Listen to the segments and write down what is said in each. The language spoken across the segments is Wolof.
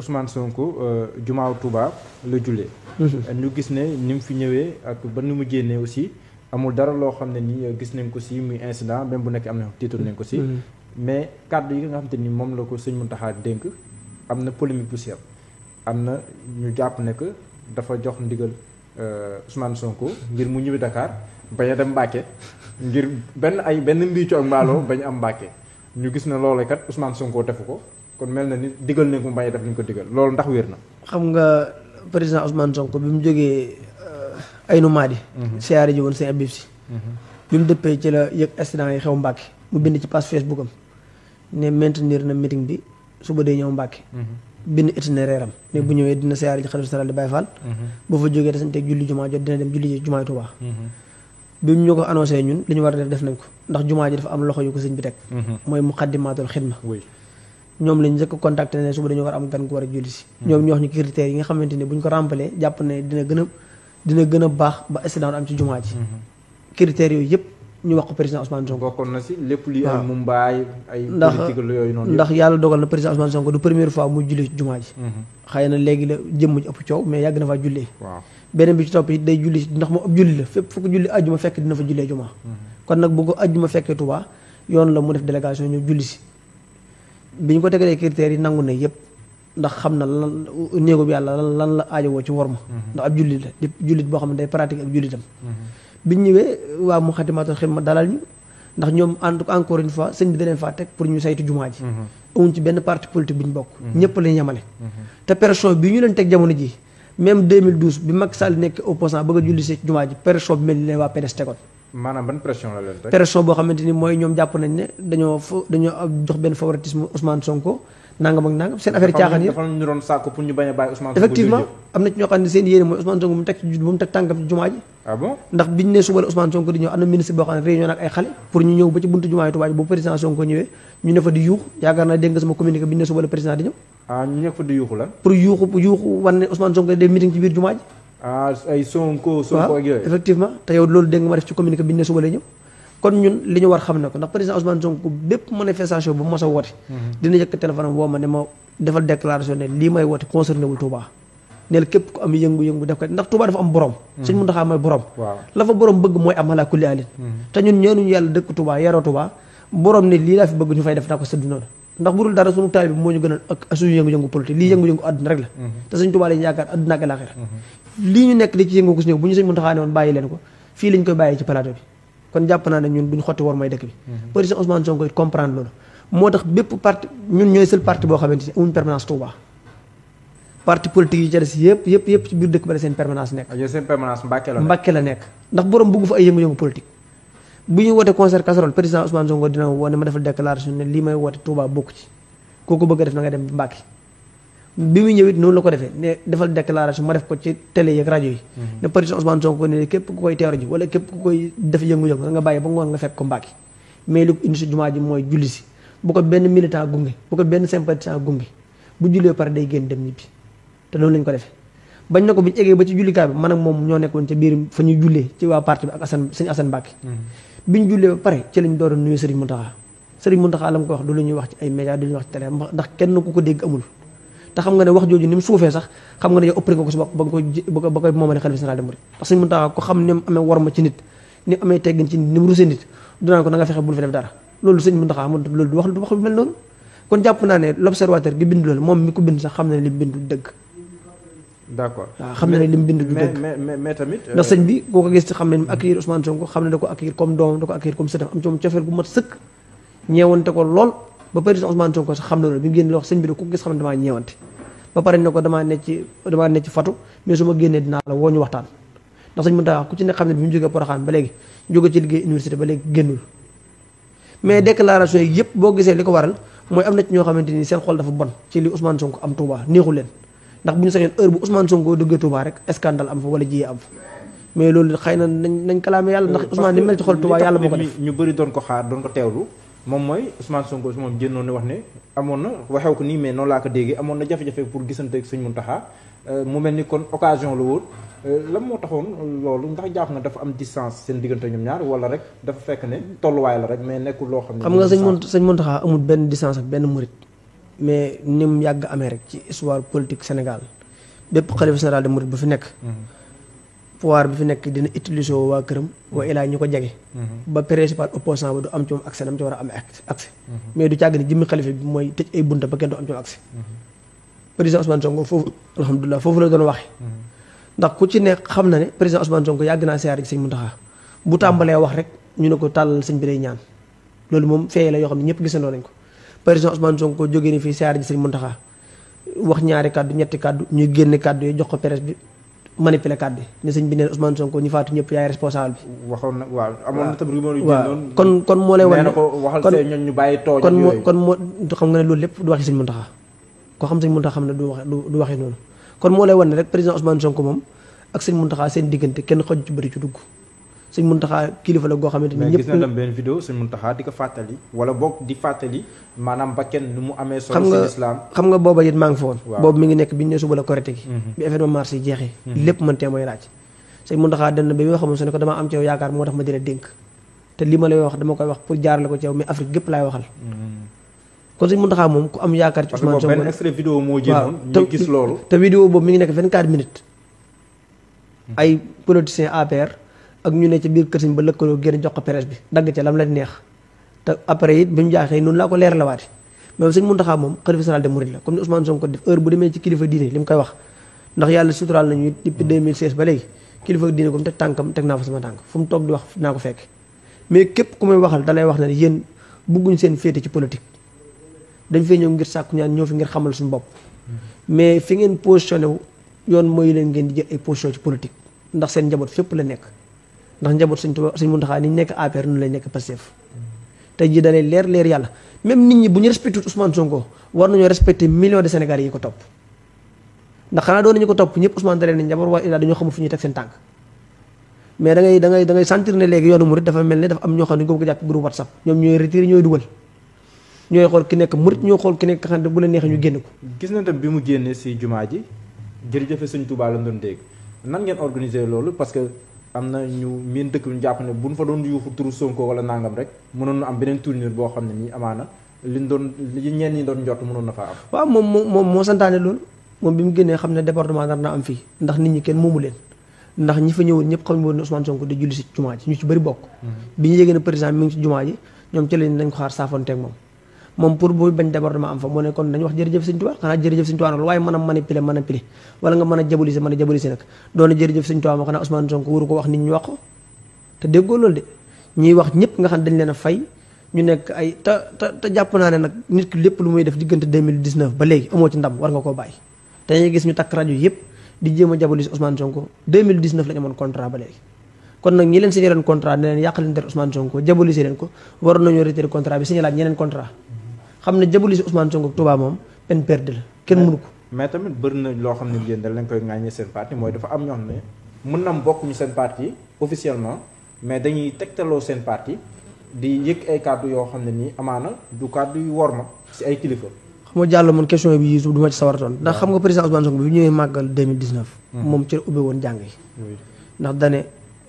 Ousmane Sonko euh, jumaaw Touba la jullee. Mhm. ñu gis ne ni mu fi ñëwee ak ba ni mu génnee aussi amul dara loo xam ne nii euh, gis nañ ko si muy incident même bu nekk am na tiitul nañ ko si. Mhm. mais kàddu yi nga xam ni moom la ko sëñ Mountakha dénk am na polémique bu seet am na ñu jàpp ne que dafa jox ndigal euh, Ousmane Sonko ngir mu ñibbi dakaar bañ a dem Mbàkke ngir benn ay benn mbiicu ak mbaaloo bañ am Mbàkke ñu gis ne loolee kat Ousmane Sonko defu ko. kon mel na ni digal nañ ko bañ def li ñu ko digal loolu ndax wér na. xam nga président Ousmane Sonko bi mu jógee euh, ay nu mhm. siyaare ji woon seen abib si. Mhm. bi mu dëppee ci la yëg accident yi xew Mbàkke mu bind ci page Facebook am ne maintenir na bi suba dee mhm. ne bu ñëwee dina siyaare ji xalifa général di Baye Fall. bu fa jógee dafa teg julli jumaa jot dina dem julli ji jumaay Tuubaa. bi ñu ko annoncé ñun li ñu war a def def nañ ko ndax jumaa ji dafa am loxo yu ko sëñ bi teg. mooy muqaddimatul xidma. ñoom lañ njëkk contacté ne suba dañu war am gan gu war a julli si hmm. ñoom ñu wax ñu critères yi nga xamante ne bu ko remplir jàpp ne dina gën a dina baax ba accident am ci jumaa ji hmm. critères yooyu yëpp ñu wax ko président Ousmane Sonko lépp li ay Mumbaay ay politique la yooyu noonu ndax yàlla dogal na président Ousmane Sonko du première fois mu julli jumaa ji hmm. xëy na léegi la jëmm ji ëpp coow mais julli la fépp fu ko julli ajjuma fekk dina fa jullee jumaa kon nag bu ko ajjuma fekkee yoon la mu def délégation ñu julli si bi ñu ko tegalee critères yi nangu na yëpp ndax xam na lan néegu bi yàlla lan lan la aajowoo ci worma. Mhm. ndax ab jullit la di jullit boo xam ne day pratique ab jullitam. Mhm. bi ñu ñëwee waa jumaa ji. Mhm. amuñ ci benn parti politique bu ñu bokk. ñëpp lañ yemale. te pression bi ñu leen teg jamono ji même 2012 bi Macky Sall nekk opposant bëgg a julli si jumaa ji pression bi mel ni leen waa PDS tegoon. maanaam ban pression la leen teg pression boo xamante ni mooy ñoom jàpp nañ ne dañoo fo dañoo jox benn favoritisme Ousmane Sonko nangam ak nangam seen affaire caaxaan yi a na mu teg ci mu ah ndax biñu ne suba la Ousmane Sonko ñëwee ñu ne ah, fa di yuuxu lan pour yuuxu yuuxu wan Sonko def meeting ci biir jumaa ji ah ay Sonko Sonko ak te loolu dégg nga ma def ci bi ñu ne suba lay ñëw kon ñun li ñu war xam ne ko ndax président Ousmane Sonko bépp manifestation bu mos a mhm. dina yëkk téléphone am woo ne ma defal déclaration ne lii may woote concerné wul Touba neel képp ku am yëngu-yëngu def ko ndax Touba dafa am borom mhm. sëñ Mountakha mooy borom la fa borom bëgg mooy am ala kulli alin mhm. te ñun ñeenuñu yàlla dëkk Touba yaroo Touba borom ne lii laa fi bëgg ñu fay def naa ko sëddu noonu ndax bu dul dara suñu taal bi moo lii ñu nekk di ci yëngu ko si bu ñu sëñ Muntaxa ne woon bàyyi leen ko fii lañ koy bàyyi ci plateau bi kon jàpp naa ne ñun duñ xotti war mooy dëkk bi mhm. président Ousmane Sonko it comprendre loolu moo tax ñooy seul parti boo xamante ni amuñ permanence Touba parti politique yi ca des yëpp yëpp yëpp ci biir dëkk ba la seen permanence nekk ah, Mbàkke la nekk ndax borom bëggu fa ay yëngu-yëngu politique bu ñu woote concert casserole président dina woo ne ma defal déclaration ne may woote Touba bokk ci kooku bëgg a def na nga dem Mbàkke bi ñëw ñëwit noonu la ko defee ne defal déclaration ma def ko ci télé yeeg rajo yi mm-hmm. ne président Ousmane Sonko ne képp ku koy teeru ji wala képp ku koy def yëngu-yëngu da nga bàyyi ba ngoon nga fekk ko Mbacké mais li indi si jumaa ji mooy julli si bu ko benn militant gunge bu ko benn sympathisant gunge bu jullee pare day génn dem ñibbi te noonu lañ ko defe bañ na ko bi ñu eggee ba ci jullikaay bi man ak moom ñoo nekkoon ca biir fa ñu jullee ci waa bi ak Assane sëñ mm-hmm. a nuyu Serigne Mountakha Serigne Mountakha la mu ko ay médias du lu ñuy wax ci kenn ku ko dégg amul ta xam nga ne wax joju nim soufé sax xam nga ne yow ëppri nga ko si bok ba nga koy ba koy moomale xalifa général de Mouride parce que mën ko xam ni amé amee warma ci nit ni amé amee teggin ci nim rusé nit du naan ko nga fexé bu fi def dara lolou sëñ Muntaxa mo lolou wax lu wax lu mel non kon japp na ne l'observateur gi bind loolu mom mi ko bind sax xam na ne li bind deug d'accord xam na ne li mu bind du deug mais mais tamit ndax euh, sëñ bi ko ko gis xam ne akir Ousmane Sonko xam na da ko accueillir comme dom da ko accueillir comme sëtam am ci mom ciofel bu mat seuk ñewon ñeewante ko lool ba président Ousmane Sonko sax xam na loolu bi mu génn wax sëñ bi de ku gis xam ne damaa ñeewante ba pare ne ko damaa nekk ci nekk ci fatu ma génnee dinaa la woo ñu waxtaan ndax sëñ Mountakha ku ci ne xam ne bi mu jógee Porokhane ba léegi jóge ci liggéey université ba léegi génnul mais déclaration yëpp boo gisee li ko waral mooy am na ñoo xamante ni seen xol dafa bon ci li Ousmane Sonko am Touba neexu leen ndax bu ñu sañoon heure bu Ousmane Sonko duggee Touba rek scandale am fa wala jiyee am fa mais loolu xëy na nañ nañ kalaame yàlla ndax Ousmane ni mel ci xol Touba yàlla moo ko def ñu bëri doon ko xaar doon ko teewlu moom mooy Ousmane Sonko moom génnoon ne wax ne amoon na waxew ko nii mais noonu laa ko déggee amoon na jafe-jafe pour gisante ak Sëñ Muntaxa euh, mu mel ni kon occasion la woon euh, lan moo taxoon loolu ndax jàpp nga dafa am distance seen diggante ñoom ñaar wala rek dafa fekk ne tolluwaay la rek mais nekkul loo xam ne. xam nga sëñ Mont sëñ Muntaxa amul benn distance ak benn murit mais ni mu yàgg amee rek ci histoire politique Sénégal bépp xalifa général de murit bu fi nekk. Mhm. pouvoir bi fi nek dina utiliser woo waa këram mm-hmm. wa ila ñuko ko mm-hmm. ba principal opposant bu du am ci mom accès nam ci wara am accès mm-hmm. mais du ciag ni jimmi xalifa bi moy tej ay bunta ba kenn du am ci accès président Ousmane Sonko fofu alhamdullah fofu la doon waxe ndax ku ci nek xam na ne président Ousmane Sonko yag na ciar ci Seigne Muntaxa bu tambalé wax rek ñu ne ko tàllal Seigne bi day ñaan loolu moom feeye la yo xam ñepp ñëpp gisandoo nañ ko président Ousmane Sonko jógee ni fi ciar ci Seigne Muntaxa wax ñaari kaddu ñetti kaddu ñuy génn kaddu yi jox ko presse bi manipuler kàddu ne sëñ bi ne Ousmane Sonko ñu faatu ñëpp yaay responsable bi. waxoon na waaw amoon na tam kon kon moo lay wan ne kon moo kon moo noonu kon moo lay wan ne rek président Ousmane Sonko moom ak sëñ Mountakha seen diggante kenn xoj ci bëri ci dugg sëñ Muntaxa kilifa la goo xamante ni ñëpp di ko fàttali wala boog di fàttali maanaam ba kenn nu mu amee solo ci lislaam xam nga booba it maa ngi fa woon boobu mi ngi nekk bi ñu ne suba la korité gi mhm. bi événement marché mhm. am ci yow yaakaar moo tax ma di la wax dama koy wax pour ko ci yow mais Afrique gépp laay waxal mhm. kon sëñ Muntaxa moom ku am yaakaar ci Ousmane Sonko benn loolu te vidéo boobu mi ngi nekk 24 minutes ay politiciens APR ak ñu ne ci biir kër ba lëkkaloo génn jox ko presse bi dagg ca lam la neex te après it bi mu jaaxee noonu laa ko leer la waate mais sëñ Muntaxa moom xalifa général des mourides la comme ni Ousmane Sonko def heure bu demee ci kilifa diine li mu koy wax ndax yàlla suturaal nañu it depuis 2016 hmm. ba léegi kilifa diine ko mu teg tànkam teg naa fa sama tànk fu mu toog di wax naa ko fekk mais képp ku may waxal dalay wax ne yéen bugguñ seen féete ci politique dañ fee ñëw ngir sàkku ñaan ñoo fi ngir xamal suñu bopp hmm. mais fi ngeen positionné wu yoon mooy leen ngeen di jël ay position ci politique ndax seen njaboot fépp la nekk ndax njaboot sëñ Tuubaa sëñ Muntaxaa ni nekk APR nu lay nekk Pastef tey jii da leer leer yàlla même nit ñi bu ñu respecté Ousmane Sonko war nañoo respecté millions de Sénégalais yi ko topp ndax xanaa doon nañu ko topp ñëpp Ousmane dalee nañ njaboot a ilaa dañoo xamul fu ñuy teg seen tànk mais da ngay da ngay da sentir ne léegi yoonu murit dafa mel ne dafa am ñoo xam ne ñu ko jàpp groupe WhatsApp ñoom ñooy retiré ñooy dugal ñooy xool ki nekk murit ñooy xool ki nekk xam la neexee ñu génn ko gis nañ tam bi mu génnee si jumaa ji jërëjëfe sëñ Tuubaa la doon dégg nan ngeen organiser loolu parce que am na ñu miin dëkk ñu jàpp ne bu ñu fa doon yuuxu turu Sonko wala nangam rek mënoon na am beneen tournure boo xam ne nii amaana doon li ñenn ñi doon njort mënoon na faa am. waaw moom moo moo santaane loolu moom bi mu génnee xam ne département nar na am fii ndax nit ñi kenn moomu leen ndax ñi fa ñëwoon ñëpp xam woon ne Ousmane Sonko di julli si jumaa ji ñu ci bëri bokk. Mm-hmm. bi ñu yëgee ne président mi ngi ci jumaa ji ñoom ci lañ ko xaar saafoonteeg moom mom pour bu benn débordement am fa mo ne kon dañ wax jërëjëf sëñ touba xana jërëjëf sëñ touba nag waaye mën a manipuler manipuler wala nga mëna a jabolise mën a jabolise nag jërëjëf sëñ touba xana Ousmane Sonko wuro ko wax nit ñu wax ko te déggo loolu de ñi wax ñëpp nga xam dañ leena fay ñu nekk ay ta ta, ta japp naa ne nit ki lépp lu muy def digënté 2019 ba légui amo ci ndam war nga ko bay te ñi gis ñu tak radio yépp di jëma jabuli Osman Ousmane Sonko 2019 la ñu mon contrat ba légui kon nak ñi leen signé leen contrat ne leen yaq leen der Ousmane Sonko jabolise leen ko war nañu retirer contrat bi signé laaj ñeneen contrat xam ne diaboliser Ousmane Sonko Touba moom peine perdue la kenn mënu ko. mais tamit bëri na loo xam ne yéen dañ leen koy ŋàññee mooy dafa am ñoo xam ne mën na am bokkuñu seen parti officiellement mais dañuy tegtaloo seen parti di yëg ay kàddu yoo xam ne nii amaana du kàddu yu wor ma si ay kilifa. xam nga jàll man question bi yii du ma ci sawaratoon ndax xam nga président Ousmane Sonko bi ñëwee màggal 2019. Hmm. moom ci la ubbe woon jàng yi. ndax dane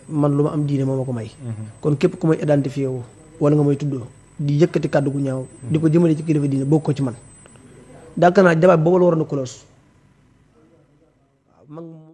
man lu ma am diine moo ma ko may. Hmm. kon képp ku may identifié wu wala nga may tuddoo. di yëkkati kàddu gu ñaaw di ko jëmale ci kilifa diine bokk ko ci man daaka naa jabaat booba la waroon a close waaw